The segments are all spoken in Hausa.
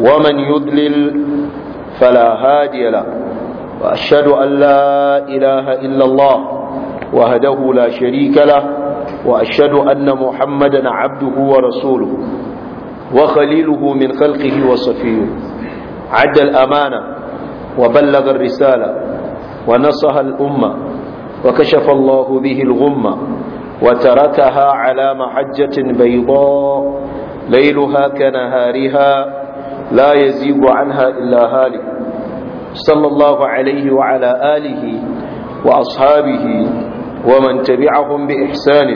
ومن يضلل فلا هادي له وأشهد أن لا إله إلا الله وهده لا شريك له وأشهد أن محمدا عبده ورسوله وخليله من خلقه وصفيه عد الأمانة وبلغ الرسالة ونصح الأمة وكشف الله به الغمة وتركها على محجة بيضاء ليلها كنهارها لا يزيغ عنها إلا هالك صلى الله عليه وعلى آله وأصحابه ومن تبعهم بإحسان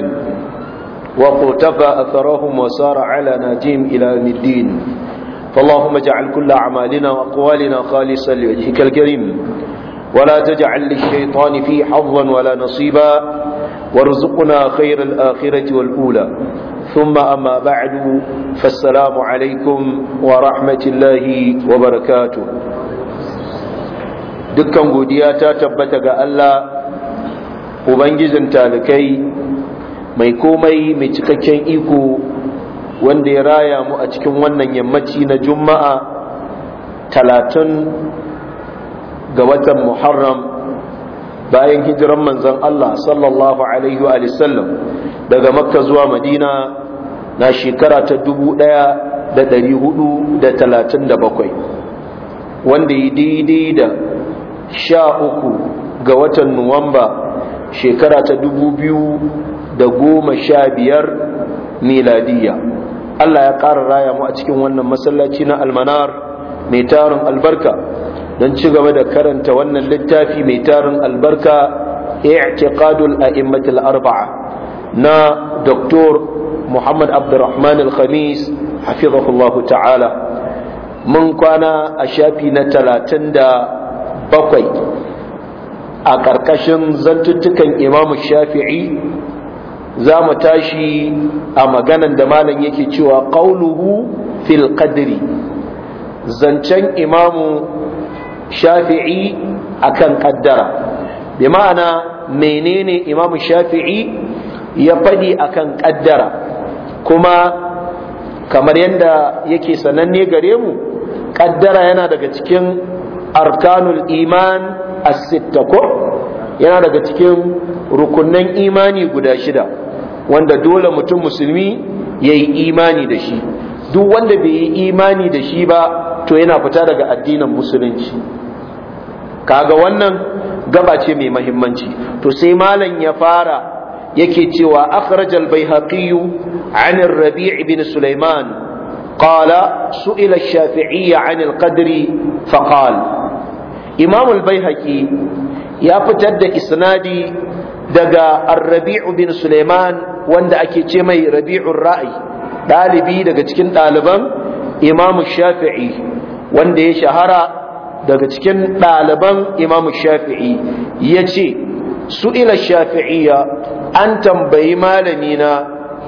وقتفى أثرهم وسار على ناجيم إلى الدين فاللهم اجعل كل أعمالنا وأقوالنا خالصا لوجهك الكريم ولا تجعل للشيطان فيه حظا ولا نصيبا وارزقنا خير الآخرة والأولى ثم أما بعد فالسلام عليكم ورحمة الله وبركاته dukkan godiya ta tabbata ga Allah ubangijin talikai mai komai mai cikakken iko wanda ya raya mu a cikin wannan yammaci na juma'a talatin ga watan muharram bayan hijiran manzon Allah sallallahu daga makka zuwa madina na shekara ta 1437 wanda yi daidai da sha uku ga watan nuwamba shekara ta da goma sha biyar miladiya Allah ya ƙara raya mu a cikin wannan masallaci na almanar mai tarin albarka don ci gaba da karanta wannan littafi mai tarin albarka i'tiqadul a'immatul arba'a na Dr. Muhammad Abdurrahman Al-Khamis hafizahullahu ta'ala mun kwana a shafi na talatin da bakwai a ƙarƙashin zantuttukan Imam Shafi'i za mu tashi a maganan da malam yake cewa ƙauluhu fil zancen imamu shafi'i akan kaddara bi ma'ana menene imamu shafi'i ya faɗi akan ƙaddara kuma kamar yadda yake sananne gare mu ƙaddara yana daga cikin arkanul iman as ko yana daga cikin rukunnan imani guda shida wanda dole mutum musulmi ya yi imani da shi duk wanda bai yi imani da shi ba to yana fita daga addinin musulunci kaga wannan gaba ce mai mahimmanci to sai malam ya fara yake cewa akhrajal baihaqi an ar-rabi' ibn sulaiman qala su'ila ash-shafi'i an al-qadri imam al-baihaqi ya fitar da isnadi daga ar bin ibn sulaiman wanda ake ce mai rabi'ur ra'i dalibi daga cikin daliban imam shafi'i wanda ya shahara daga cikin ɗaliban imamu shafi'i ya ce su ila shafi'iyya an tambayi malami na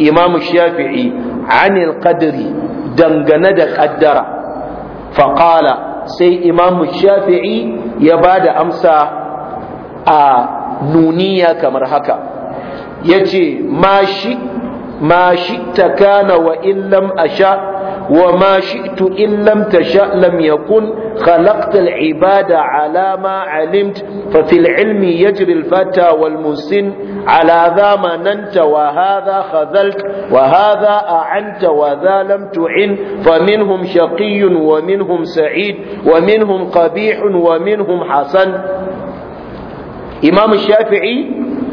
imam shafi'i anil qadri dangane da kaddara faƙala sai imam shafi'i ya ba da amsa a nuniya kamar haka yace ma shi ta shi takana wa illam sha wa ma shi'tu in lam tasha lam yakun khalaqta al-ibada ala ma alimt fa fil fata wal musin ala dha mananta wa hadha khazalt wa hadha a'anta wa dha lam tu'in fa minhum shaqiyyun wa minhum sa'id wa minhum qabihun wa minhum hasan imam shafi'i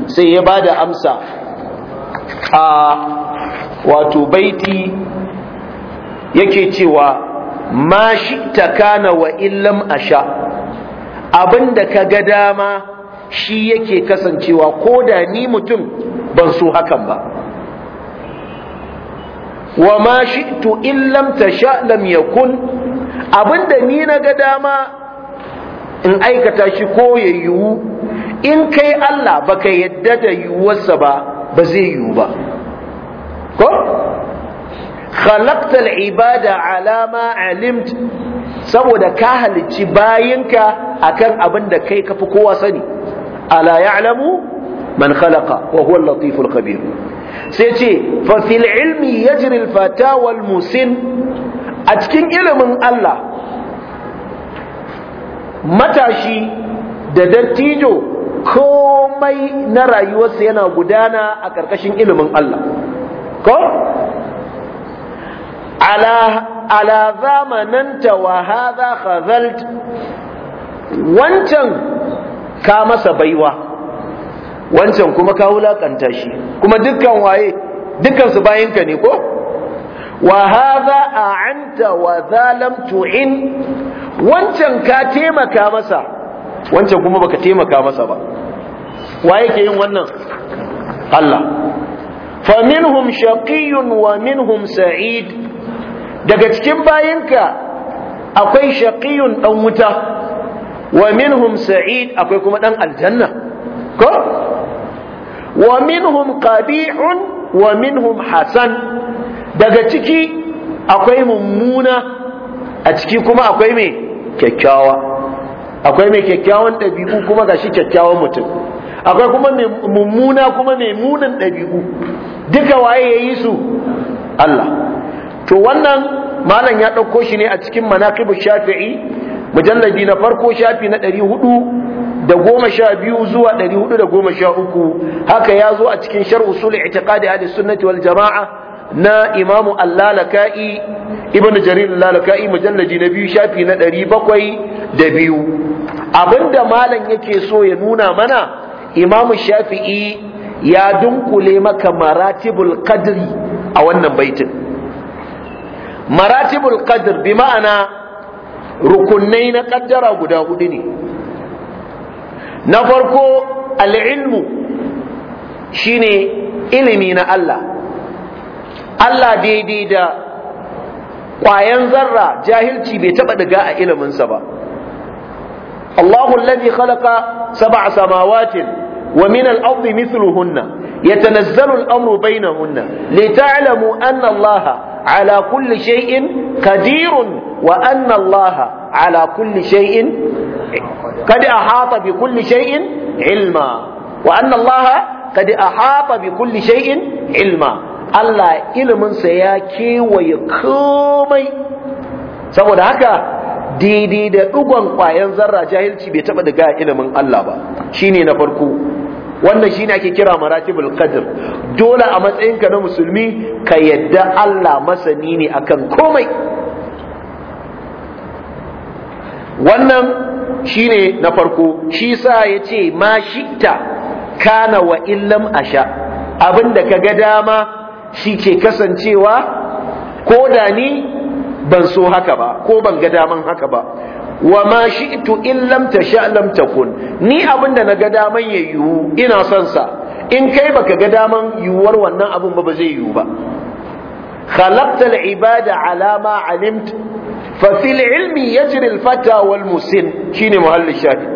sai ya bada amsa a wato baiti yake cewa ma shi ta kana wa illam asha abin da ka ga dama shi yake kasancewa ko da ni mutum ban so hakan ba wa ma shi tu illam ta sha lam yakun abin da ni na ga dama in aikata shi ko ya yiwu in kai Allah baka yadda da yiwuwarsa ba ba zai yiwu ba ko khalaqtal ibada alama ma alimt saboda ka halicci bayinka akan abin da kai kafi kowa sani ala ya'lamu man khalaqa wa huwa al khabir sai ce fa fil ilmi yajri al-fata wal musin a cikin ilimin Allah matashi da dattijo komai na rayuwarsa yana gudana a ƙarƙashin ilimin Allah ko ala ala zamananta wa hadha khazalt wancan ka masa baiwa wancan kuma ka wulakanta shi kuma dukkan waye dukkan su ne ko wa hadha a'anta wa wancan ka taimaka masa wancan kuma baka taimaka masa ba wa yake yin wannan Allah faminhum shaqiyyun wa minhum sa'id daga cikin bayinka akwai shaqiyun ɗan wuta wa minhum sa'id akwai kuma ɗan aljanna ko wa minhum qabi'un wa minhum hasan daga ciki akwai mummuna a ciki kuma akwai mai kyakkyawa akwai mai kyakkyawan ɗabi'u kuma gashi kyakkyawan mutum akwai kuma mummuna kuma mai munin ɗabi'u duka waye yayi su Allah to wannan malam ya ɗauko shi ne a cikin manaqibu shafi'i mujalladi na farko shafi na ɗari hudu da goma sha biyu zuwa ɗari hudu da goma sha uku haka ya zo a cikin shar usul itiqadi ahli sunnati wal jama'a na imamu allalaka'i ibnu jarir allalaka'i mujalladi na biyu shafi na ɗari bakwai da biyu abinda malam yake so ya nuna mana imamu shafi'i ya dunkule maka maratibul qadri a wannan baitin maratibul qadr bi ma'ana rukunai na ƙaddara guda hudu ne na farko al'ilmu shine ilimi na Allah Allah daidai da ƙwayan zarra jahilci bai taɓa daga a iliminsa ba Allahu alladhi khalaqa sab'a samawatin wa min al-ardi يتنزل الأمر بينهن لتعلموا أن الله على kadirun. شيء قدير وأن الله على كل شيء قد أحاط بكل شيء علما وأن الله قد أحاط بكل شيء علما Allah iliminsa ya kewaye komai saboda haka didi da dugon ƙwayan zarra jahilci bai taba daga ilimin Allah ba Shi ne na farko wannan shine ake kira maratibul qadr dole a matsayinka na musulmi ka yadda Allah masani ne akan komai wannan shine na farko shi sa yace ma ta kana wa illam asha abinda ka ga dama shi ke kasancewa ko da ni ban so haka ba ko ban ga daman haka ba wa ma shi'tu in lam tasha lam takun ni abinda ga daman ya yiwu ina son sa in kai baka ga daman yiwuwar wannan abin ba ba zai yiwu ba khalaqta al-ibada ala ma alimt fa fil ilmi yajri al-fata wal musin shine muhallin shafi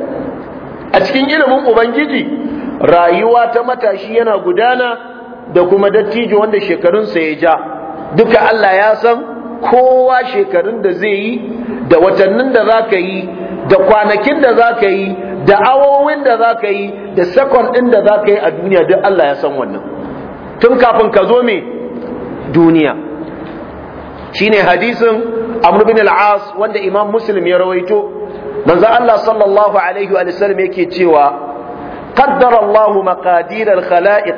a cikin ilimin ubangiji rayuwa ta matashi yana gudana da kuma dattijo wanda shekarunsa ya ja duka Allah ya san kowa shekarun da zai yi da watannin da za ka yi da kwanakin da za ka yi da awowin da za ka yi da sakon ɗin da za ka yi a duniya duk Allah ya san wannan tun kafin ka zo me duniya shine hadisin Amr bin al-As wanda Imam Muslim ya rawaito manzo Allah sallallahu alaihi wa sallam yake cewa qaddara Allah maqadir al-khalaiq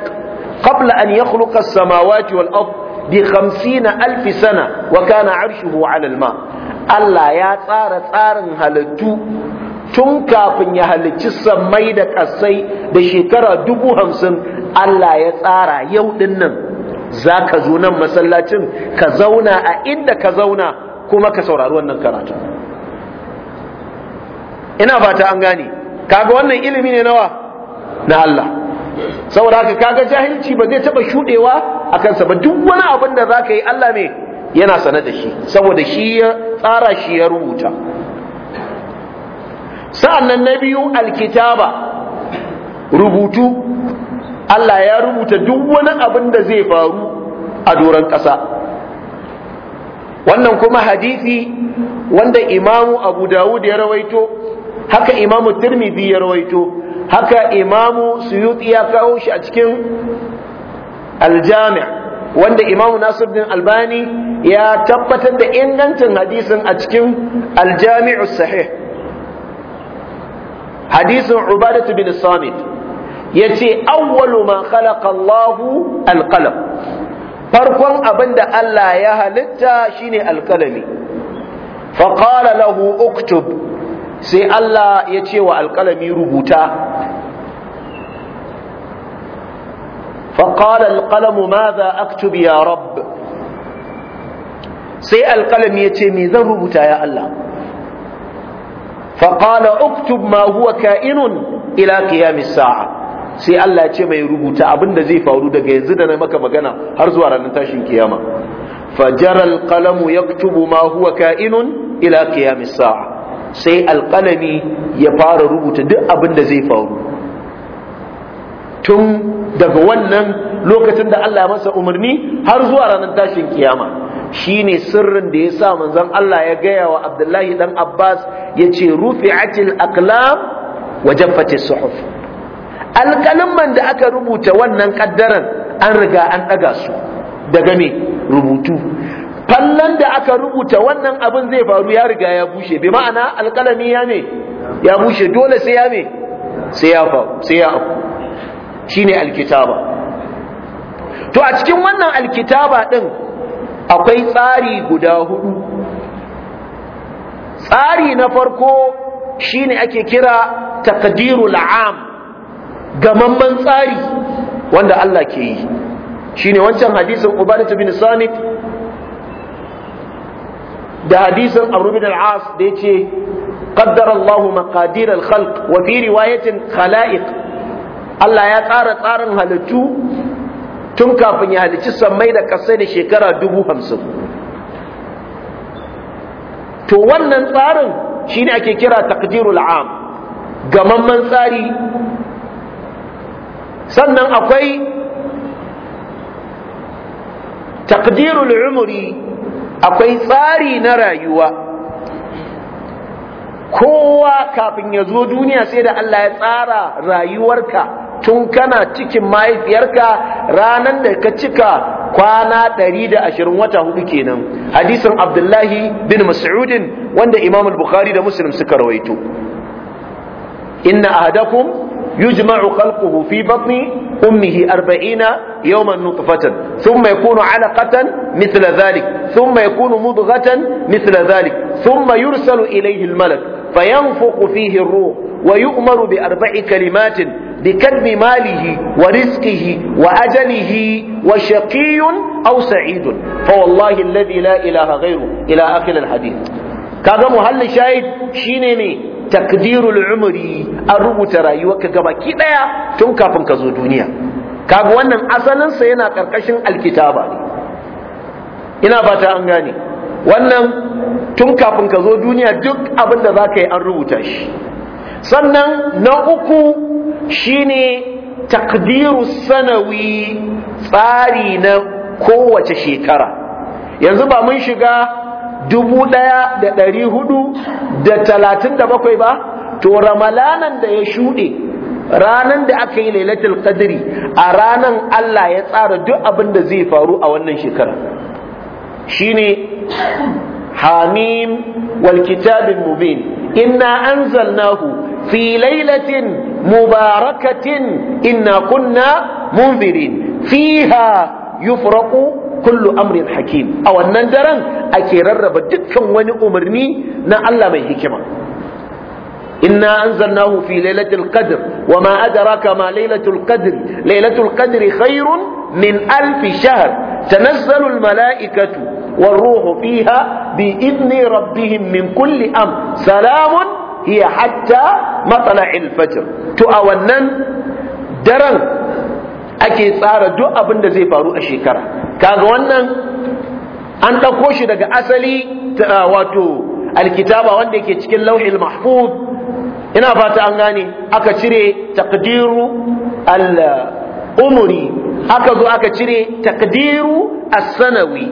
qabla an yakhluqa as-samawati wal-ard bi 50 alfi sana wa kana arshuhu Allah ya tsara tsarin halittu tun kafin ya halicci sammai da ƙasai, da shekara dubu hamsin Allah ya tsara yau ɗin nan za ka zo nan masallacin ka zauna a inda ka zauna kuma ka saurari wannan karatu ina fata an gane kaga wannan ilimi ne nawa na Allah saboda haka kaga jahilci ba zai taba shudewa a kansa ba duk wani abin da zaka yi Allah ne yana sanar da shi saboda shi ya tsara shi ya rubuta sa'annan na biyu alkitaba rubutu Allah ya rubuta duk wani abin da zai faru a doron ƙasa wannan kuma hadisi wanda imamu abu dawud ya rawaito haka imamu tirmidhi ya rawaito haka imamu suyuti ya kawo shi a cikin aljami' wanda imamu bin albani ya tabbatar da ingancin hadisin a cikin aljami'u sahih hadisin ubadatu bin samit ce, awwalu ma khalaqa Allahu alqalam farkon abinda Allah ya halitta shine alkalami fa qala lahu uktub sai Allah ya ce wa alkalami rubuta فقال القلم ماذا أكتب يا رب سي القلم يتمي ذنب يا الله فقال اكتب ما هو كائن إلى قيام الساعة sai Allah ce mai rubuta abin da zai faru daga yanzu da na maka magana har zuwa ranar tashin kiyama fajaral kalamu yaktubu ma huwa ka'inun ila qiyamis sa'a sai alqalami ya fara rubuta duk abin da zai faru tun daga wannan lokacin da Allah ya masa umarni har zuwa ranar tashin kiyama shine sirrin da ya sa manzon Allah ya gaya wa Abdullahi dan Abbas ya ce rufi'atil aqlam wa jaffatis suhuf man da aka rubuta wannan kaddaran an riga an ɗaga su daga me rubutu fallon da aka rubuta wannan abin zai faru ya riga ya bushe bi ma'ana alƙalami ya ne ya bushe dole sai ya me sai ya faru shine alkitaba to a cikin wannan alkitaba din akwai tsari guda hudu tsari na farko shine ake kira taqdirul ga gamamman tsari wanda Allah ke yi shine wancan hadisin Ubadah bin Samit da hadisin Abu bin al-As da yace qaddara Allahu maqadir al-khalq wa fi riwayatin khalaiq Allah ya tsara tsarin halittu tun kafin ya halicci sammai da kasai da shekara dubu hamsin to wannan tsarin shi ne ake kira takdirul am gamamman tsari sannan akwai takdirul umuri akwai tsari na rayuwa kowa kafin ya zo duniya sai da Allah ya tsara rayuwarka tun kana cikin mahaifiyarka ranar da ka cika kwana 120 wata hudu kenan hadisin abdullahi bin mas'udin wanda imam al-bukhari da muslim suka rawaito inna ahadakum yujma'u khalquhu fi batni ummihi 40 yawman nutfatan thumma yakunu 'alaqatan mithla dhalik thumma yakunu mudghatan mithla dhalik thumma yursalu ilayhi al-malak fayanfukhu fihi ar-ruh ويؤمر بأربع كلمات بكلب wa ورزقه وأجله وشقي أو سعيد فوالله الذي لا إله غيره إلى آخر الحديث كذا محل shine شينيني takdirul umri an rubuta rayuwarka gabaki daya tun kafin ka zo duniya kaga wannan asalinsa yana karkashin alkitaba ne ina fata an gane wannan tun kafin ka zo duniya duk abin da zaka yi an rubuta shi sannan na uku shine takdiru sanawi tsari na kowace shekara yanzu ba mun shiga dubu ɗaya da ɗari hudu da talatin da bakwai ba to ramalanan da ya shuɗe ranan da aka yi lailatul qadri a ranan Allah ya tsara duk abin da zai faru a wannan shekara shine حاميم والكتاب المبين إنا أنزلناه في ليلة مباركة إنا كنا منذرين فيها يفرق كل أمر حكيم أو النندرا أكرر بدكا ونأمرني نعلم الله إنا أنزلناه في ليلة القدر وما أدراك ما ليلة القدر ليلة القدر خير من ألف شهر تنزل الملائكة والروح فيها بإذن ربهم من كل أمر سلام هي حتى مطلع الفجر تؤونن درن ake tsara duk abin da zai faru a shekara kaga wannan an ɗauko shi daga asali wato alkitaba wanda yake cikin lauhil mahfuz ina fata an gane aka cire takdiru al umri aka zo aka cire takdiru as-sanawi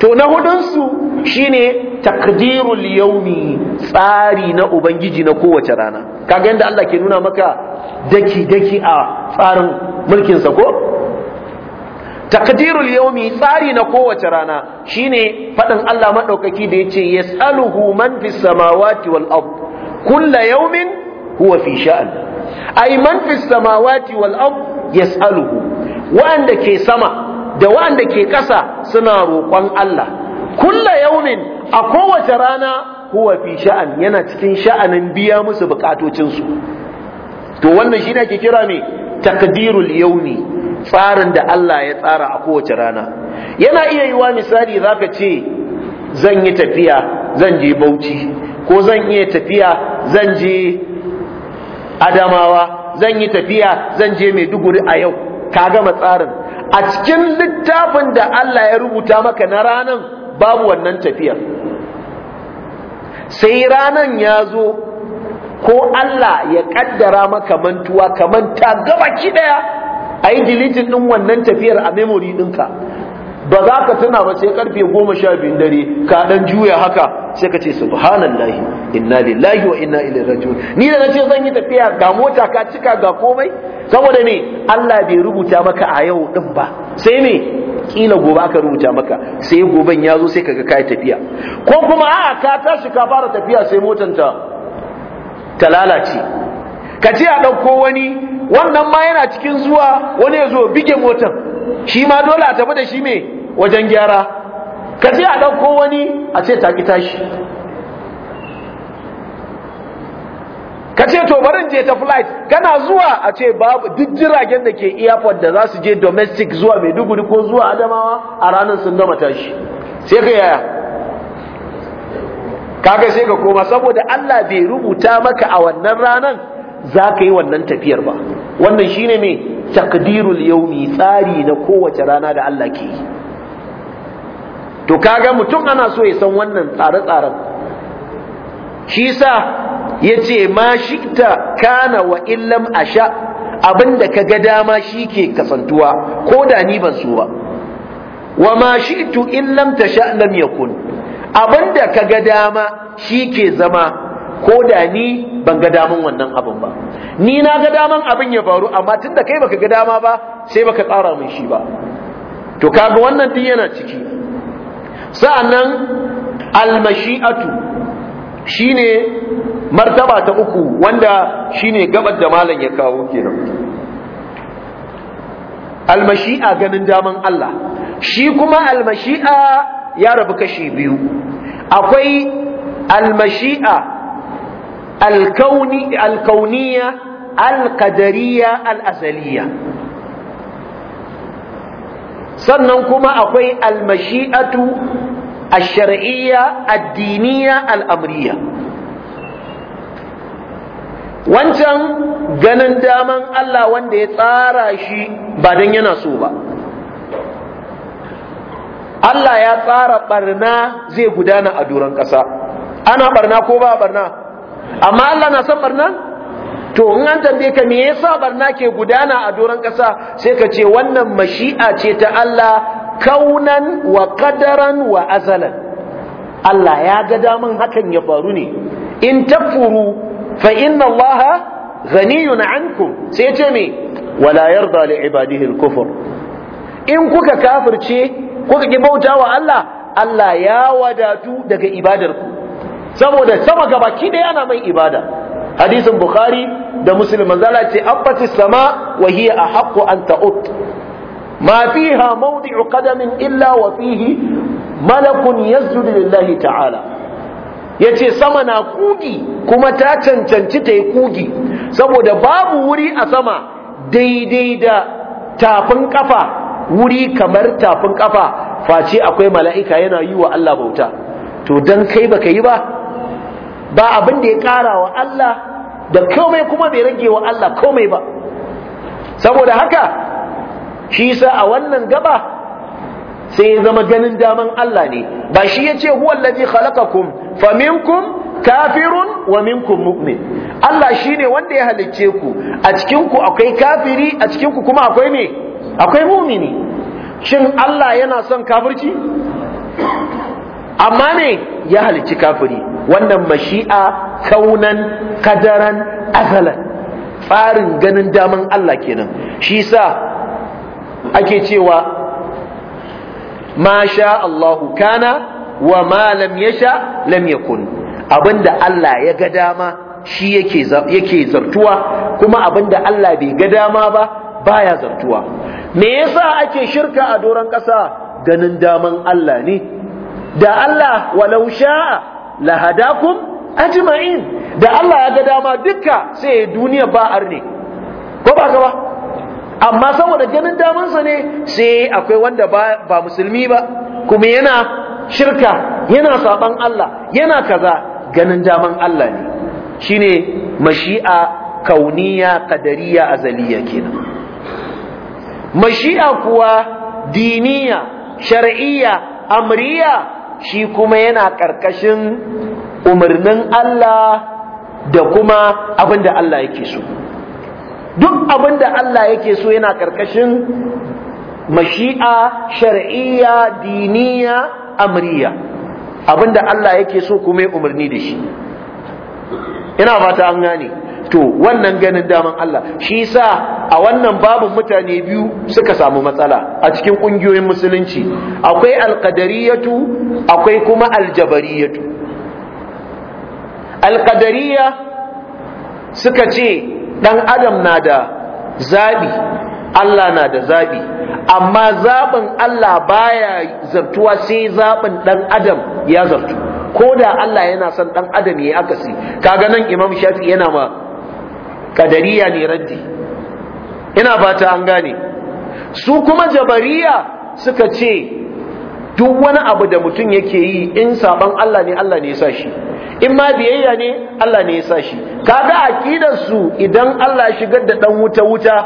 to na hudunsu shine takdirul yaumi tsari na ubangiji na kowace rana kaga yanda Allah ke nuna maka daki daki a tsarin mulkin sa ko takdirul yaumi tsari na kowace rana shine fadin Allah madaukaki da yace yasaluhu man fis samawati wal ard kullu yawmin huwa fi sha'an ay man fis samawati wal ard yasaluhu wanda ke sama da wanda ke ƙasa suna roƙon Allah kulla yaumin a kowace rana huwa fi sha'an yana cikin sha'anin biya musu bukatocinsu to wannan shine ake kira ne takdirul yaumi tsarin da Allah ya tsara a kowace rana yana iya yiwa misali zaka ce zan yi tafiya zan je Bauchi ko zan iya tafiya zan je Adamawa zan yi tafiya zan je Maiduguri a yau ka gama tsarin a cikin littafin da Allah ya rubuta maka na ranan babu wannan tafiyar sai ranan ya zo ko Allah ya kaddara maka mantuwa kamar ta gaba ki daya a yi deleting ɗin wannan tafiyar a memory ɗinka ba za ka tuna ba sai karfe goma sha biyun dare ka dan juya haka sai ka ce subhanallahi inna lillahi wa inna ilaihi raji'un ni da nace zan yi tafiya ga mota ka cika ga komai saboda me Allah bai rubuta maka a yau din ba sai me kila gobe aka rubuta maka sai goben ya zo sai kaga kai tafiya ko kuma a'a ka tashi ka fara tafiya sai motan ta ta lalace ka ce a ɗauko wani wannan ma yana cikin zuwa wani ya zo bige motar shi ma dole a tafi da shi mai wajen gyara ka ce a ɗauko wani a ce taƙi tashi ka ce to barin je ta flight kana zuwa a ce babu duk jiragen da ke airport da za su je domestic zuwa maiduguri ko zuwa adamawa a ranar sun gama tashi sai ka yaya kaga sai ka koma saboda allah bai rubuta maka a wannan ranar za ka yi wannan tafiyar ba wannan shi ne mai takdirul yaumi tsari na kowace rana da Allah ke yi to kaga mutum ana so ya san wannan tsare-tsaren shi sa ya ce ma shi ta kana wa illam asha abinda ka ga dama shi ke kasantuwa ko da ni ban so ba wa ma shi tu illam tasha lam yakun abinda ka ga dama shi ke zama ko da ni ban ga daman wannan abin ba ni na ga daman abin ya faru amma tunda kai baka ga dama ba sai baka tsara min shi ba to kaga wannan din yana ciki sa'annan almashi'atu shine martaba ta uku wanda shine gabar da malam ya kawo kenan almashi'a ganin daman Allah shi kuma almashi'a ya rabu kashi biyu akwai almashi'a alkauniya alkadariya al'asaliya sannan kuma akwai almashi'atu الشرعية الدينية الأمرية wancan ganin daman Allah wanda ya tsara shi ba don yana so ba Allah ya tsara barna zai gudana a duran ƙasa ana barna ko ba barna amma Allah na san barna to in an tambaye ka me yasa barna ke gudana a doron ƙasa sai ka ce wannan mashi'a ce ta Allah kaunan wa qadaran wa azalan Allah ya ga daman hakan ya faru ne in tafuru fa inna Allah ghaniyun ankum sai ce me wala yarda li ibadihi al-kufr in kuka kafirce kuka ki bauta wa Allah Allah ya wadatu daga ibadarku saboda sama gabaki da yana mai ibada hadisin bukhari da muslim manzala ce abbati sama wa hiya ahqqu an ta'ut ma fiha mawdi'u qadamin illa wa fihi malakun yasjudu lillahi ta'ala yace sama na kugi kuma ta cancanci ta yi kugi saboda babu wuri a sama daidai da tafin kafa wuri kamar tafin kafa face akwai mala'ika yana yi wa Allah bauta to dan kai baka yi ba ba abin da ya ƙara wa Allah da komai kuma bai rage wa Allah komai ba saboda haka shi sa a wannan gaba sai ya zama ganin daman Allah ne ba shi ya ce huwa allazi khalaqakum faminkum kafirun wa minkum mu'min Allah shi ne wanda ya halicce ku a cikin ku akwai kafiri a cikin kuma akwai me akwai mu'mini shin Allah yana son kafirci amma ne ya halici kafiri wannan mashi'a kaunan kadaran azalan tsarin ganin daman Allah kenan shi sa ake cewa ma sha Allahu kana wa ma lam yasha lam yakun abinda Allah ya ga dama shi yake yake zartuwa kuma abinda Allah bai ga dama ba baya zartuwa me yasa ake shirka a doran ƙasa ganin daman Allah ne da Allah walau sha'a lahadakum ajma'in da Allah ya ga dama dukka sai duniya ba arne ko ba ka ba amma saboda ganin sa ne sai akwai wanda ba, ba musulmi ba kuma yana shirka yana saban Allah yana kaza ganin daman Allah ne shine mashi'a kauniya qadariya azaliya kenan mashi'a kuwa diniya shar'iyya amriya shi kuma yana ƙarƙashin umarnin Allah da kuma abin da Allah yake so duk abin da Allah yake so yana ƙarƙashin mashi'a shar'iyya diniya amriya abin da Allah yake so kuma ya umarni da shi ina fata an gane to wannan ganin daman Allah shi sa a wannan babin mutane biyu suka samu matsala a cikin ƙungiyoyin musulunci akwai alqadariyatu akwai kuma aljabariyatu alqadariya suka ce ɗan adam na da zaɓi Allah na da zaɓi amma zaɓin Allah baya zartuwa sai zaɓin ɗan adam ya zartu ko da Allah yana son ɗan adam ya akasi kaga nan imam shafi yana ma kadariya ne raddi ina fata an gane su kuma jabariya suka ce duk wani abu da mutum yake yi in saban Allah ne Allah ne ya sa shi in ma biyayya ne Allah ne ya sa shi kaga aqidar su idan Allah shigar da dan wuta wuta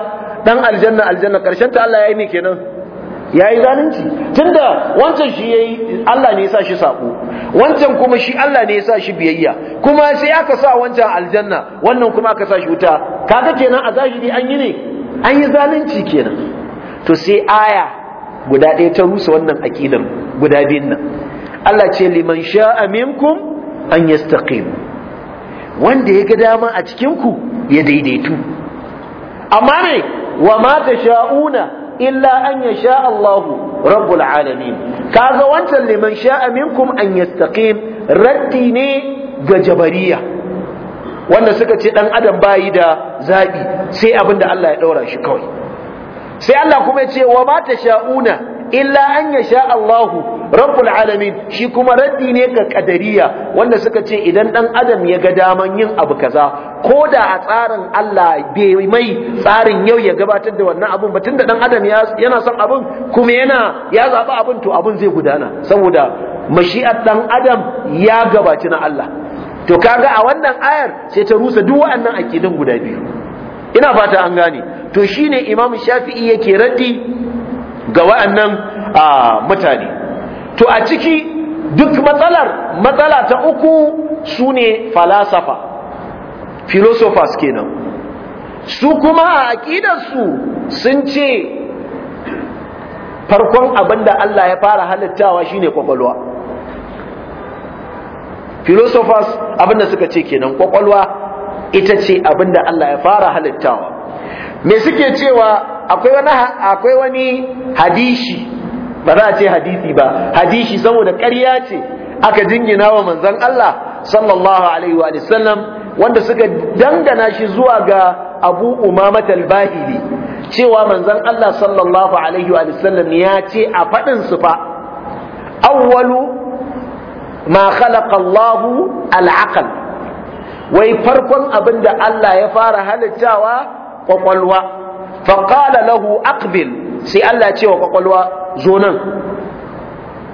dan aljanna aljanna karshen ta Allah yi ne kenan ya yi zalunci tunda wancan shi ya yi Allah ne ya sa shi saƙo wancan kuma shi Allah ne ya sa shi biyayya kuma sai aka sa wancan aljanna wannan kuma aka sa shi wuta kaga kenan a zahiri an yi ne an yi zalunci kenan to sai aya guda ɗaya ta rusa wannan aƙidar guda biyun nan Allah ce liman sha'a minkum an yastaqim wanda ya ga dama a cikin ku ya daidaitu amma ne wa ma sha'una illa an sha Allahu rabbul alamin kaga wancan liman sha'a minkum an yastaqim raddi ne ga jabariya wanda suka ce dan adam bayi da zabi sai abinda Allah ya daura shi kawai sai Allah kuma ya ce wa ma tasha'una illa an yasha Allahu rabbul alamin shi kuma raddi ne ga kadariya wanda suka ce idan dan adam ya ga daman yin abu kaza ko da a tsarin Allah bai mai tsarin yau ya gabatar da wannan abun ba tunda dan adam yana son abun kuma yana ya zaba abun to abun zai gudana saboda mashi'ar dan adam ya gabaci na Allah to kaga a wannan ayar sai ta rusa duk waɗannan akidan guda biyu ina fata an gane to shine imam shafi'i yake raddi ga wa'annan mutane to a ciki duk matsalar matsala ta uku su ne falasafa philosophers kenan su kuma a aƙidarsu sun ce farkon abinda Allah ya fara halittawa shine kwakwalwa philosophers abin suka ce kenan kwakwalwa ita ce abinda Allah ya fara halittawa me suke cewa akwai wani akwai wani hadishi ba za a ce hadisi ba hadishi saboda ƙarya ce aka jingina wa manzon Allah sallallahu alaihi wa sallam wanda suka dangana shi zuwa ga Abu Umama al-Bahili cewa manzon Allah sallallahu alaihi wa sallam ya ce a faɗin su fa awwalu ma khalaqa Allahu al-aql wai farkon abin da Allah ya fara halittawa kwakwalwa faƙala lahu aqbil sai Allah ce wa kwakwalwa zo nan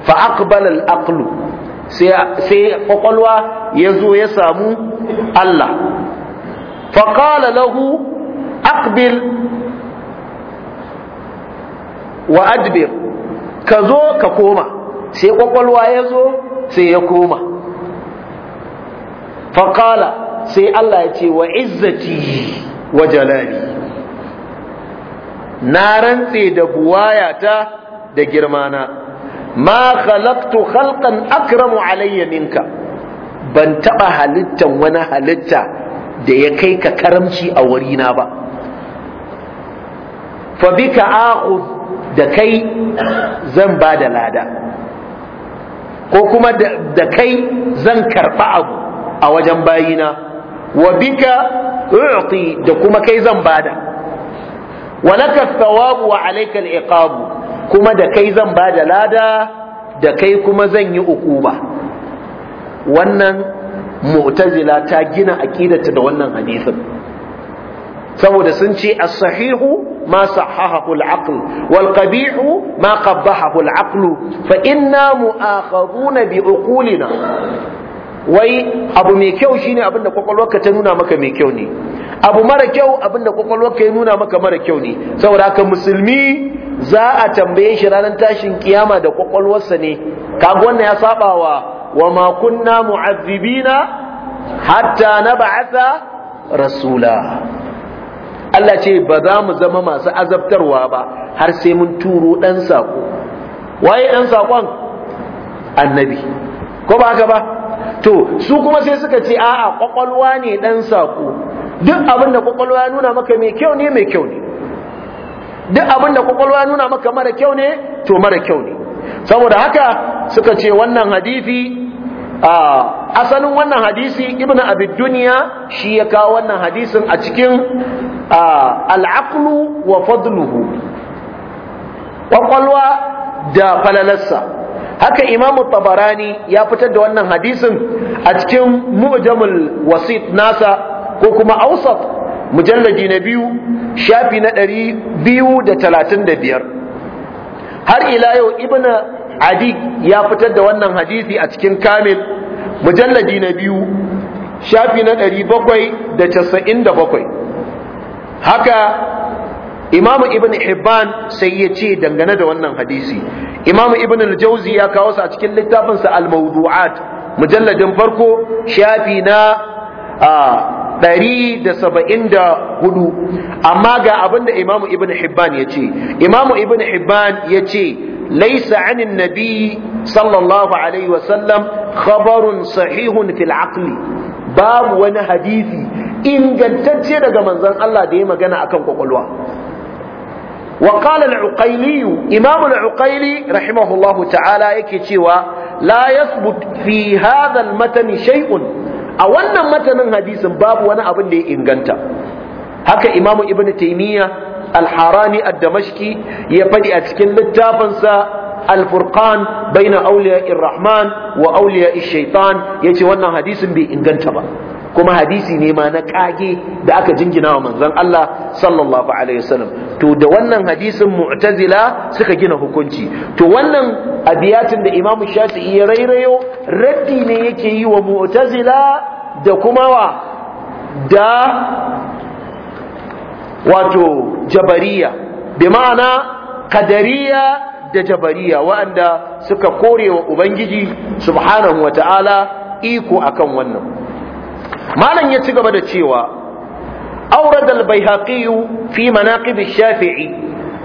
fa aqbala al-aqlu sai kwakwalwa ya zo ya samu Allah faƙala lahu aqbil wa adbir ka zo ka koma sai kwakwalwa ya zo sai ya koma faƙala sai Allah ya ce wa izzati wa na rantse da buwayata da girmana ma khalaqtu khalqan akramu alayya minka ban taba halittan wani halitta da ya kai ka karamci a wuri na ba fa bika aqud da kai zan ba da lada ko kuma da kai zan karba abu a wajen bayina wa bika u'ti da kuma kai zan bada walaka thawabu wa alayka al kuma da kai zan bada lada da kai kuma zan yi ukuba wannan mu'tazila ta gina aqidata da wannan hadisin saboda sun ce as-sahihu ma sahahahu al-aql wal qabihu ma qabbahahu al-aql fa inna mu'akhaduna bi uqulina wai abu mai kyau shine abin da kwakwalwarka ta nuna maka mai kyau ne abu mara kyau abin da kwakwalwarka ya nuna maka mara kyau ne saboda haka musulmi za a tambaye shi ranar tashin kiyama da kwakwalwarsa ne kaga wannan ya saba wa wa ma kunna mu'azzibina hatta nab'atha rasula Allah ce ba za mu zama masu azabtarwa ba har sai mun turo dan sako waye dan sakon annabi ko ba haka ba to su kuma sai suka ce a'a kwakwalwa ne dan sako duk abin kwakwalwa ya nuna maka mai kyau ne mai kyau ne duk abin kwakwalwa ya nuna maka mara kyau ne to mara kyau ne saboda haka suka ce wannan hadisi asalin wannan hadisi ibn abid duniya shi ya kawo wannan hadisin a cikin al'aqlu wa fadluhu kwakwalwa da falalarsa haka imamu tabarani ya fitar da wannan hadisin a cikin mu'jamul wasit nasa ko kuma ausat mujallaji na biyu shafi na ɗari biyu da talatin da biyar har ila yau Ibn adi ya fitar da wannan hadisi a cikin kamil mujallaji na biyu shafi na ɗari bakwai da casa'in da bakwai haka imamu ibn hibban sai ya ce dangane da wannan hadisi imam ibn al-jawzi ya kawo su a cikin littafin sa al-mawdu'at mujalladin farko shafi na ɗari da amma ga abinda Imam ibn hibban ya ce imamu ibn hibban ya ce laisa anin nabi sallallahu alaihi wa sallam, khabarun sahihun fil aqli babu wani hadisi ingantacce daga manzon Allah da ya magana akan kwakwalwa وقال العقيلي إمام العقيلي رحمه الله تعالى يكتوى لا يثبت في هذا المتن شيء أولا متن حديث باب وانا أبن لي إنغنتا هكا إمام ابن تيمية الحراني الدمشقي يبدي أتكن للتابنسا الفرقان بين أولياء الرحمن وأولياء الشيطان يتوانا حديث بإنغنتا بقى kuma hadisi ne ma na kage da aka jingina wa manzon Allah sallallahu alaihi wasallam to da wannan hadisin mu'tazila suka gina hukunci to wannan abiyatin da Imam Shafi'i ya rairayo raddi ne yake yi wa mu'tazila da kuma wa da wato jabariya bi ma'ana qadariya da jabariya wa'anda suka kore wa ubangiji subhanahu wata'ala iko akan wannan malam ya ci gaba da أورد البيهقي في مناقب الشافعي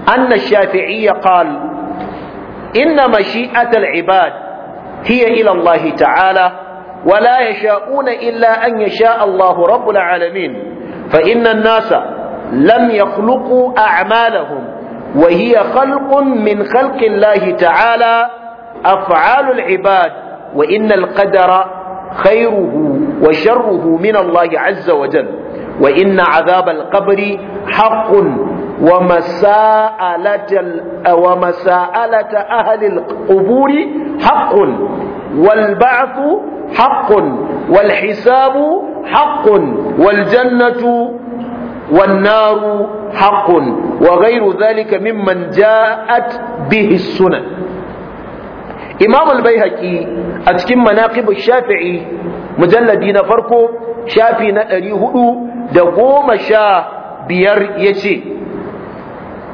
أن الشافعي قال إن مشيئة العباد هي إلى الله تعالى ولا يشاءون إلا أن يشاء الله رب العالمين فإن الناس لم يخلقوا أعمالهم وهي خلق من خلق الله تعالى أفعال العباد وإن القدر خيره وشره من الله عز وجل وإن عذاب القبر حق ومساءلة, ومساءلة أهل القبور حق والبعث حق والحساب حق والجنة والنار حق وغير ذلك ممن جاءت به السنن إمام البيهقي a cikin manaqibu shafi'i mujalladi na farko shafi na ɗari hudu da goma sha biyar ya ce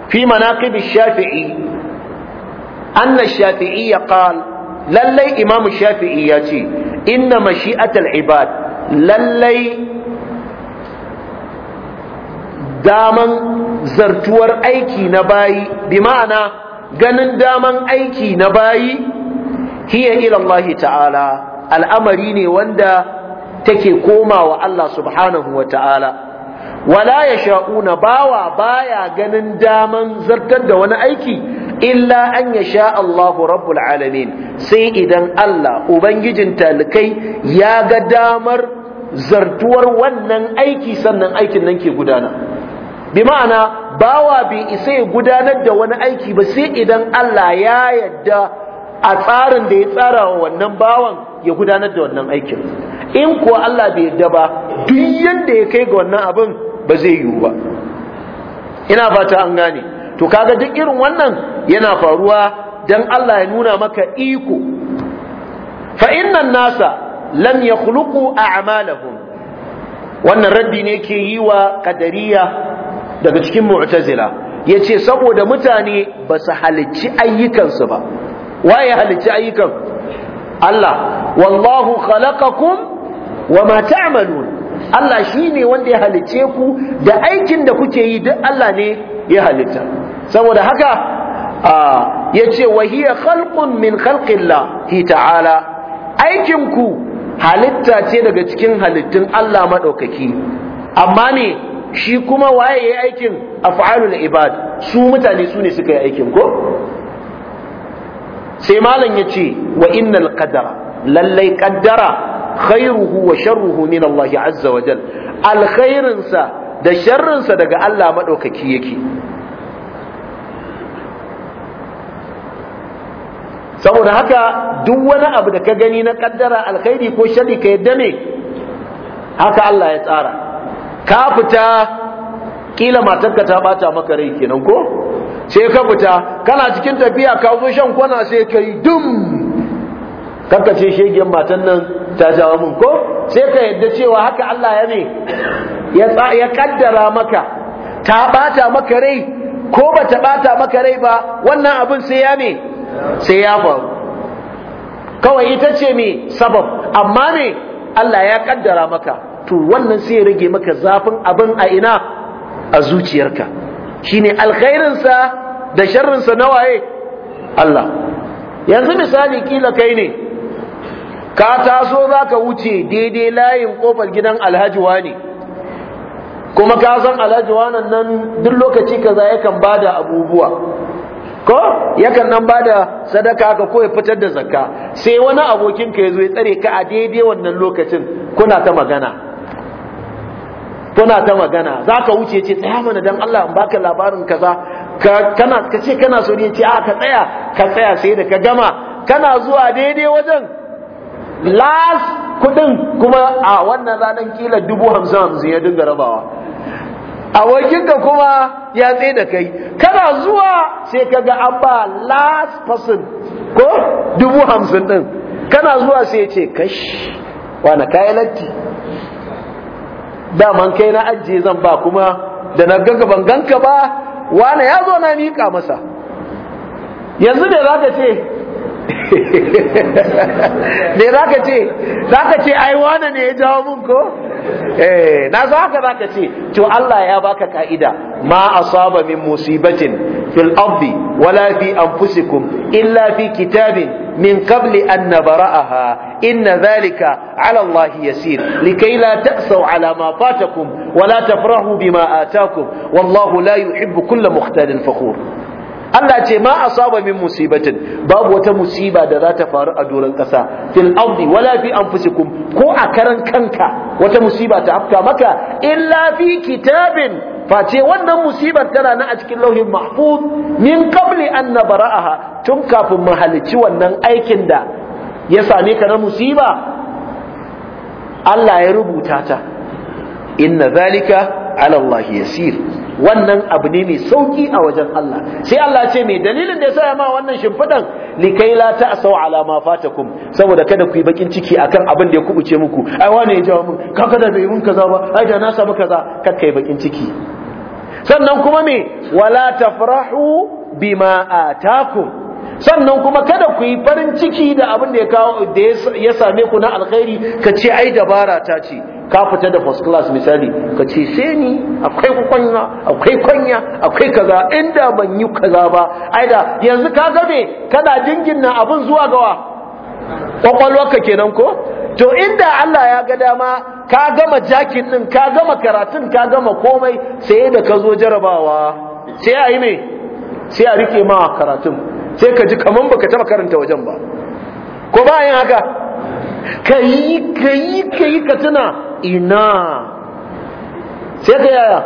fi manaqibu shafi'i anna shafi'i ya qal lallai imam shafi'i ya ce inna mashi'atal ibad lallai daman zartuwar aiki na bayi bi ma'ana ganin daman aiki na bayi hiya ila Allah ta'ala al'amari ne wanda take komawa Allah subhanahu wa ta'ala wala yasha'una bawa baya ganin daman zartar da wani aiki illa an yasha Allahu rabbul alamin sai idan Allah ubangijin talikai ya ga damar zartuwar wannan aiki sannan aikin nan ke gudana Bima'ana bawa bai isa ya gudanar da wani aiki ba sai idan Allah ya yadda a tsarin da ya tsara wa wannan bawan ya gudanar da wannan aikin in kuwa Allah bai yadda ba duk yanda ya kai ga wannan abin ba zai yiwu ba ina fata an gane to kaga duk irin wannan yana faruwa dan Allah ya nuna maka iko fa inna nasa lam yakhluqu a'malahum wannan raddi ne ke yi wa kadariya daga cikin mu'tazila yace saboda mutane ba su halicci ayyukansu ba waye halicci ayyukan Allah wallahu khalaqakum wama ta'malun Allah shine wanda ya halicce ku da aikin da kuke yi duk Allah ne ya halitta saboda haka yace wa hiya khalqun min khalqillah hi ta'ala aikin ku halitta ce daga cikin halittun Allah madaukaki amma ne shi kuma waye yayi aikin af'alul ibad su mutane su ne suka yi aikin ko sai malam ya ce wa innal qadara lallai qaddara khairuhu wa sharruhu min Allah azza wa jal alkhairinsa da sharrinsa daga Allah madaukaki yake saboda haka duk wani abu da ka gani na kaddara alkhairi ko shari ka yadda ne haka Allah ya tsara ka fita kila matarka ta bata maka rai kenan ko sai ka fita kana cikin tafiya ka zo shan kwana sai ka yi dum kanka ce shegen matan nan ta jawo mun ko sai ka yadda cewa haka Allah ya ne ya kaddara maka ta bata maka rai ko ba ta bata maka rai ba wannan abin sai ya ne sai ya faru kawai ita ce mai sabab amma me Allah ya kaddara maka to wannan sai ya rage maka zafin abin a ina a zuciyarka shine alkhairinsa da sharrinsa na waye Allah yanzu misali kila kai ne ka taso zaka wuce daidai layin kofar gidan alhaji Wani kuma ka san alhaji wanan nan duk lokaci kaza yakan bada abubuwa ko yakan nan bada sadaka ka ko ya fitar da zakka sai wani abokin ka yazo ya tsare ka a daidai wannan lokacin kuna ta magana kuna ta magana za ka wuce ce tsaya mana dan Allah in baka labarin kaza ka ce kana so ne ce a ka tsaya ka tsaya sai da ka gama kana zuwa daidai wajen las kudin kuma a wannan ranar kila dubu hamsin hamsin ya dinga rabawa a da kuma ya tsaye da kai kana zuwa sai ka ga an ba last person ko dubu hamsin din kana zuwa sai ce kashi wane kayan latti daman kai na ajiye zan ba kuma da na ganka ban ganka ba wane ya zo na miƙa masa yanzu da za ka ce da za ka ce za ka ce ai wane ne ya jawo mun ko eh, na za ka za ka ce to Allah ya baka ka'ida ma asaba min musibatin fil ardi wala fi anfusikum illa fi kitabin min qabli an nabra'aha inna zalika ala Allah yasir likai la ta'sau ala ma fatakum wa la tafrahu bima atakum wallahu la yuhibbu kulla mukhtalin Allah ce ma asaba min musibatin babu wata musiba da za ta faru a doron ƙasa fil ardi wala fi anfusikum ko a karan kanka wata musiba ta afka maka illa fi kitabin face wannan musibar tana na a cikin lauhin mahfuz min qabli an nabara'aha tun kafin mu halicci wannan aikin da ya same ka na musiba Allah ya rubuta ta inna zalika ala Allah yasir wannan abu ne mai sauki a wajen Allah sai Allah ce mai dalilin da ya saya ma wannan shimfidan likai la ta'sau ala ma fatakum saboda kada ku yi bakin ciki akan abin da ya kubuce muku ai wane ya jawo mun kaka da bai mun kaza ba ai da na samu kaza kakkai bakin ciki sannan kuma me wala tafrahu bima atakum sannan kuma kada ku yi farin ciki da abin da ya same ku na alkhairi ka ce ai dabara ta ce ka fita da first class misali ka ce sai ni akwai kwanya akwai kwanya akwai kaza inda ban yi kaza ba ai da yanzu ka ga me jingin na abin zuwa gawa kwakwalwarka kenan ko to inda Allah ya ga dama ka gama jakin din ka gama karatun ka gama komai sai da ka zo jarabawa sai a me sai a rike ma karatun sai ka ji kaman baka taba karanta wajen ba ko bayan haka Kai, kai, kai ka tuna ina sai ka yaya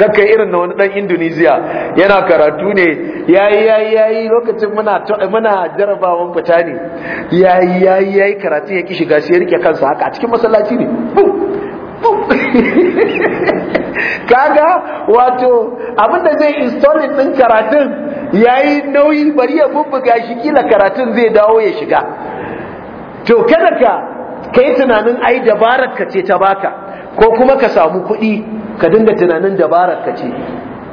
kakkai irin na wani dan Indonesia yana karatu ne yayi yayi yayi lokacin muna muna jarabawan fita ne yayi yayi yayi karatu ya ki shiga sai rike kansa haka a cikin masallaci ne kaga wato abinda zai installing din karatun yayi nauyi bari ya bubbuga shi kila karatun zai dawo ya shiga to kada ka kai tunanin ai dabarar ka ce ta baka ko kuma ka samu kuɗi ka dinga tunanin dabarar ka ce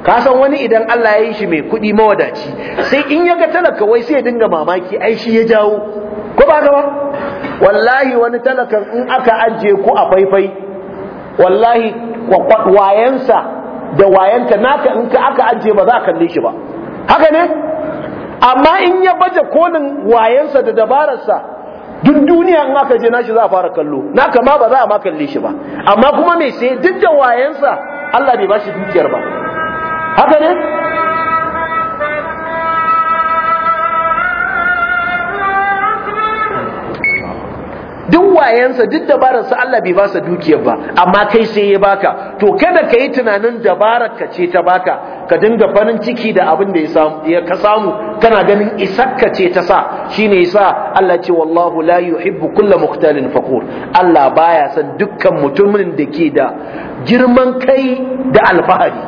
ka san wani idan Allah ya yi shi mai kuɗi mawadaci sai in ya ga talaka wai sai ya dinga mamaki ai shi ya jawo ko ba ka ba wallahi wani talakan in aka ajiye ku a faifai wallahi wayansa da wayanta naka in ka aka ajiye ba za a kalle shi ba haka ne amma in ya baje konin wayansa da dabararsa duk duniya in aka je nashi za a fara kallo naka ma ba za a ma kalle shi ba amma kuma me sai duk da wayansa Allah bai ba shi dukiyar ba haka ne iyayensa duk dabararsa Allah bai ba su dukiyar ba amma kai sai ya baka to kada ka yi tunanin dabarar ka ce ta baka ka dinga farin ciki da abin da ya ka samu kana ganin ka ce ta sa shine yasa Allah ce wallahu la yuhibbu kulla mukhtalin fakur Allah baya san dukkan mutumin da ke da girman kai da alfahari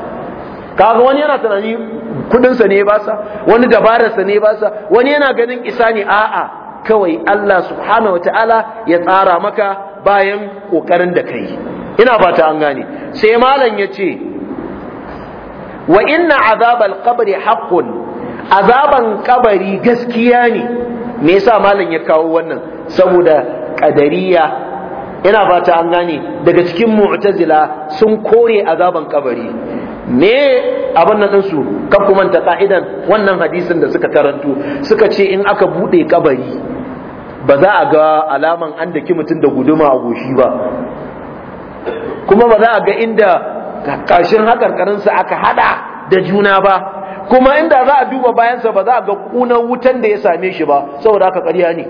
kaga wani yana tunani kuɗinsa ne ya basa, wani dabararsa ne ya basa, wani yana ganin isa ne a'a kawai Allah subhanahu ta'ala ya tsara maka bayan kokarin da kai ina ta an gane sai malam ya ce wa inna azabal qabri haqqun azaban kabari gaskiya ne me yasa malam ya kawo wannan saboda qadariya ina ta an gane daga cikin mu'tazila sun kore azaban kabari me abin nan su kan kuma ta ka'idan wannan hadisin da suka karanto suka ce in aka buɗe kabari ba za a ga alaman an daki mutum da guduma a goshi ba kuma ba za a ga inda kashin haƙarƙarinsa aka haɗa da juna ba kuma inda za a duba bayansa ba za a ga kunan wutan da ya same shi ba saboda haka ƙarya ne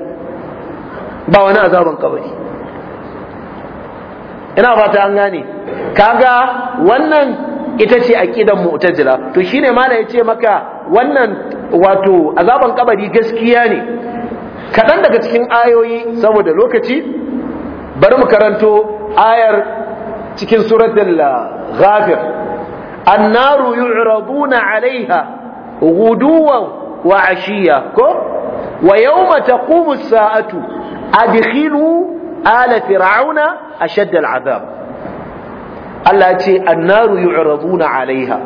ba wani azaban kabari ina fata an gane kaga wannan ita ce aqidan mu'tazila to shine mala ce maka wannan wato azaban kabari gaskiya ne kaɗan daga cikin ayoyi saboda lokaci bari mu karanto ayar cikin suratul uh, ghafir annaru yu'raduna alaiha guduwan wa 'ashiya ko wa yawma taqumu as-sa'atu adkhilu ala fir'auna a shaddal azab Allah ce annaru yu'raduna alaiha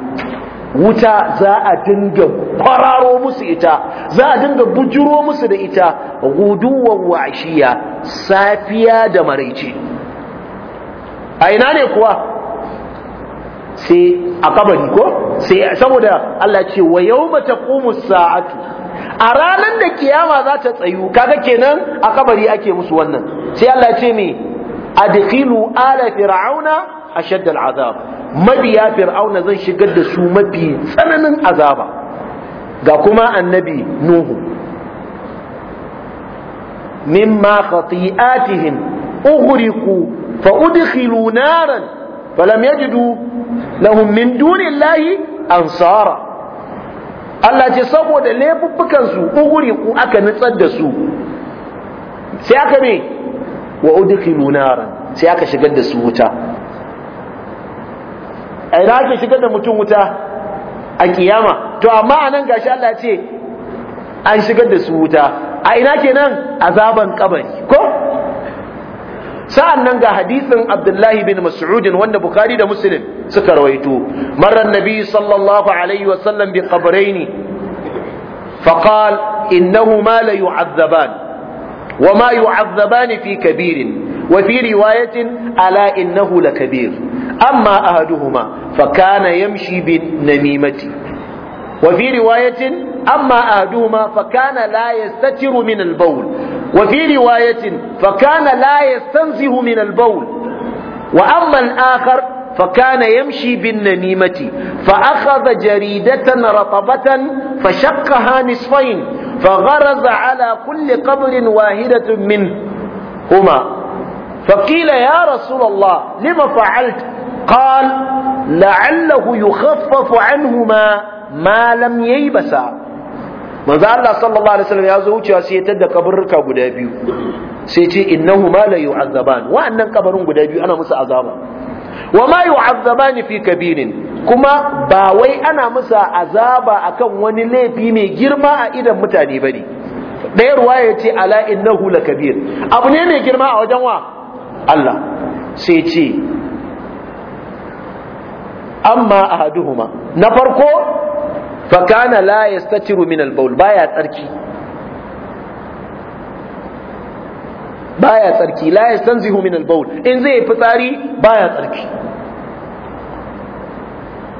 wuta za a dinga kwararo musu ita za a dinga bujuro musu da ita guduwan washiya safiya da maraice a ina ne kuwa sai a kabari ko sai saboda Allah ce wa yawma taqumu sa'atu a ranar da kiyama za ta tsayu kaga kenan a kabari ake musu wannan sai Allah ce me adkhilu ala fir'auna shaddar al'azab mabiya fir'auna zan shigar da su mafi tsananin azaba ga kuma annabi nuhu mimma khati'atihim ughriqu fa udkhilu naran falam yajidu lahum min dunillahi ansara Allah ce saboda laifuffukansu uguriku aka nutsar da su sai aka me wa udkhilu naran sai aka shigar da su wuta a ina ake shigar da mutum wuta a kiyama to amma anan gashi Allah ya ce an shigar da su wuta a ina kenan azaban kabari ko sa'an nan ga hadisin abdullahi bin mas'udin wanda bukari da muslim suka rawaito marar nabi sallallahu alaihi wa sallam bi qabraini faqal innahu ma la yu'azzaban وما يعذبان في كبير وفي رواية ألا إنه لكبير أما أحدهما فكان يمشي بالنميمة وفي رواية أما أحدهما فكان لا يستتر من البول وفي رواية فكان لا يستنزه من البول وأما الآخر فكان يمشي بالنميمة فأخذ جريدة رطبة فشقها نصفين فغرز على كل قبر واحدة منهما فقيل يا رسول الله لما فعلت قال لعله يخفف عنهما ما لم ييبسا ماذا الله صلى الله عليه وسلم يازو وچا سيتد قبر ركا غدا سيتي انهما ليعذبان وانن قبر غدا بيو انا مسا عذاب wa ma yu'azzabani fi kabirin kuma ba wai ana musa azaba akan wani laifi mai girma a idan mutane bane ɗaya ya ce na hula Kabir, abu ne mai girma a wajen wa Allah sai ce amma haduhuma, na farko fakana la yastatiru min Baul baya tsarki baya tsarki la yastanzihu min al-bawl in zai fitsari baya tsarki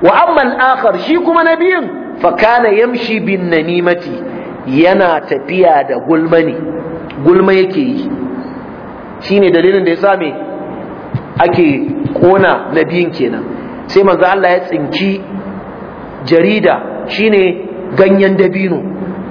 wa amma al-akhar shi kuma nabiyin fa kana yamshi bin namimati yana tafiya da gulma ne gulma yake yi shine dalilin da yasa me ake kona nabiyin kenan sai manzo Allah ya tsinki jarida shine ganyen dabino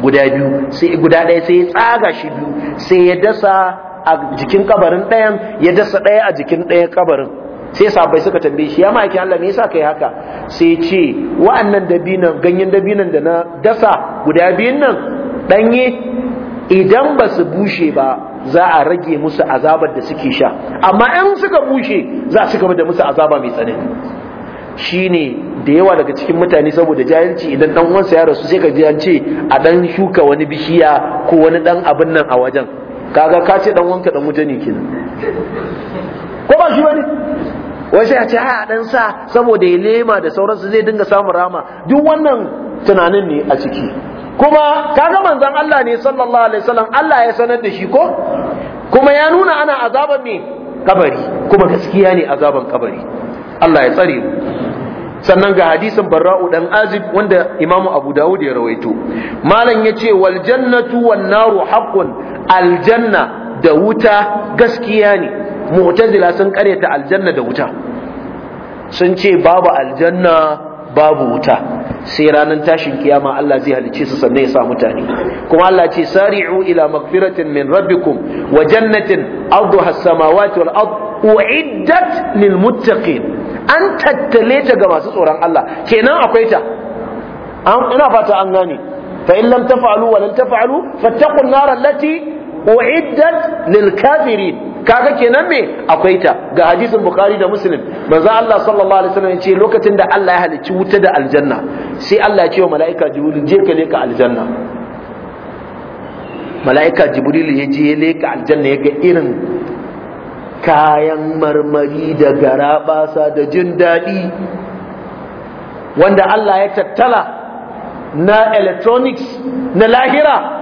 guda biyu sai guda ɗaya sai ya tsaga shi biyu sai ya dasa a jikin kabarin ɗayan ya dasa ɗaya a jikin ɗayan kabarin sai sabai suka tambaye shi ya ma'aikin Allah me ka kai haka sai ce wa'annan dabinan ganyen dabinan da na dasa guda biyun nan ɗanye idan ba su bushe ba za a rage musu azabar da suke sha amma in suka bushe za su gaba da musu azaba mai tsanani shine da yawa daga cikin mutane saboda jahilci idan dan uwansa ya rasu sai ka ji an ce a ɗan shuka wani bishiya ko wani ɗan abin nan a wajen kaga ka ce dan wanka dan wuta ne kenan ko ba shi bane wai sai a ce a dan sa saboda ya lema da sauransu zai dinga samun rama duk wannan tunanin ne a ciki kuma kaga manzon Allah ne sallallahu alaihi wasallam Allah ya sanar da shi ko kuma ya nuna ana azaban me kabari kuma gaskiya ne azaban kabari Allah ya tsare mu sannan ga hadisin barra'u dan azib wanda imamu abu dawud ya rawaito malam ya ce wal jannatu wan naru haqqun aljanna da wuta gaskiya ne mu'tazila sun karyata aljanna da wuta sun ce babu aljanna babu wuta sai ranar tashin kiyama Allah zai halice su sannan ya sa mutane kuma Allah ce sari'u ila magfiratin min rabbikum wa jannatin arduha as-samawati wal ard uiddat lil muttaqin an tattale ta ga masu tsoron Allah kenan akwai ta ina fata an gane fa in lam taf'alu wa lan taf'alu fattaqun nar allati uiddat lil kafirin kaga kenan me akwai ta ga hadisin bukhari da muslim manzo Allah sallallahu alaihi wasallam yace lokacin da Allah ya halicci wuta da aljanna sai Allah ya ce wa mala'ika jibril je ka leka aljanna mala'ika jibril ya je ya leka aljanna ya ga irin kayan marmari da garaɓasa da jin daɗi wanda Allah ya tattala na electronics na lahira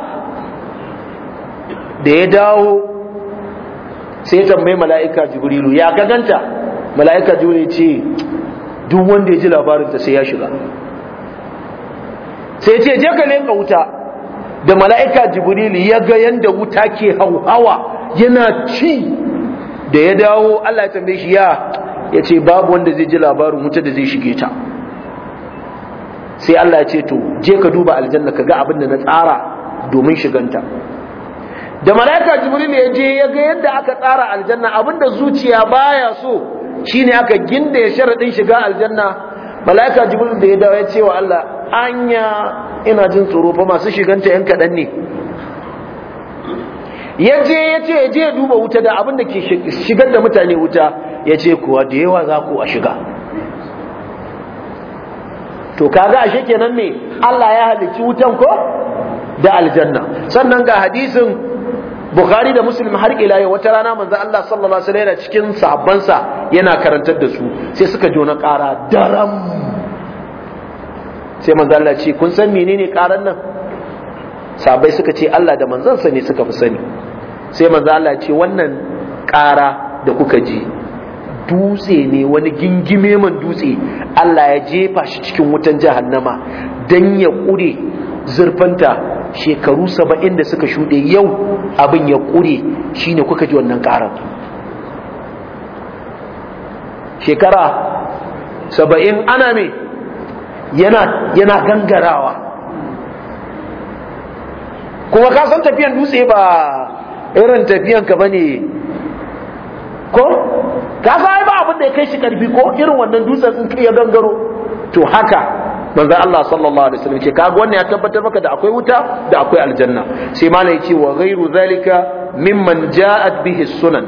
da ya dawo sai tambayi mala'ika jibrilu ya gaganta ganta mala'ika jibrilu ce duk wanda ya ji ta sai ya shiga sai ce je ka leƙa wuta da mala'ika jibrilu ya ga yanda wuta ke hauhawa yana ci da ya dawo Allah ya tambaye shi ya ya ce babu wanda zai ji labarin wuta da zai shige ta sai Allah ya ce to je ka duba aljanna ka ga abin da na tsara domin shiganta da malaika jibril ya je ya ga yadda aka tsara aljanna abinda zuciya baya so shine aka ginda ya sharadin shiga aljanna malaika jibril da ya dawo ya ce wa Allah anya ina jin tsoro fa masu shiganta yan kadan ne ya je ya ce ya je duba wuta da abinda ke shigar da mutane wuta ya ce kuwa da yawa za ku a shiga to kaga ashe kenan me Allah ya halicci wutan ko da aljanna sannan ga hadisin bukhari da muslim har ila yau wata rana manzo Allah sallallahu alaihi wasallam yana cikin sahabbansa yana karantar da su sai suka jo na ƙara daram sai manzo Allah ce kun san menene ƙaran nan sahabbai suka ce Allah da manzansa ne suka fi sani sai manzo Allah ce wannan ƙara da kuka ji dutse ne wani gingime man dutse Allah ya jefa shi cikin wutan jahannama dan ya kure zurfanta shekaru saba'in da suka shuɗe yau abin ya ƙure shine kuka ji wannan ƙarar shekara saba'in ana mai yana, gangarawa kuma ka san tafiyan dutse ba irin tafiyan ka ne ko ka san ba abin da ya kai shi karfi ko irin wannan dutsen in ya gangaro to haka manzo Allah sallallahu alaihi wasallam ce kaga wannan ya tabbatar maka da akwai wuta da akwai aljanna sai malai ce wa ghairu zalika mimman ja'at bihi sunan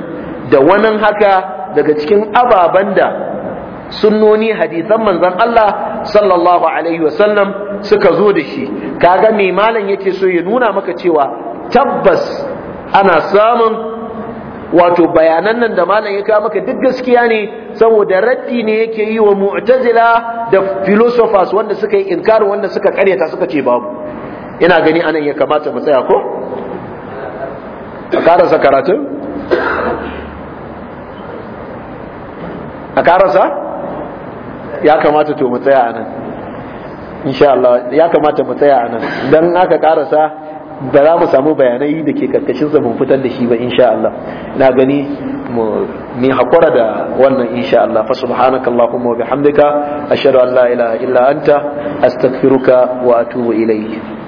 da wannan haka daga cikin ababan da sunnoni hadisan manzon Allah sallallahu alaihi wasallam suka zo da shi kaga mai malam yake so ya nuna maka cewa tabbas ana samun wato bayanan nan da malam ya kawo maka duk gaskiya ne saboda raddi ne yake yi wa mu'tazila da philosophers wanda suka yi inkari wanda suka karyata suka ce babu ina gani anan ya kamata mu tsaya ko a karasa karatun a karasa ya kamata to mu tsaya anan insha Allah ya kamata mu tsaya anan dan aka karasa da za mu samu bayanai da ke karkashin sa mun fitar da shi ba insha Allah na gani mu mi hakura da wannan insha Allah fa subhanaka allahumma wa bihamdika ashhadu an la ilaha illa anta astaghfiruka wa atubu ilayk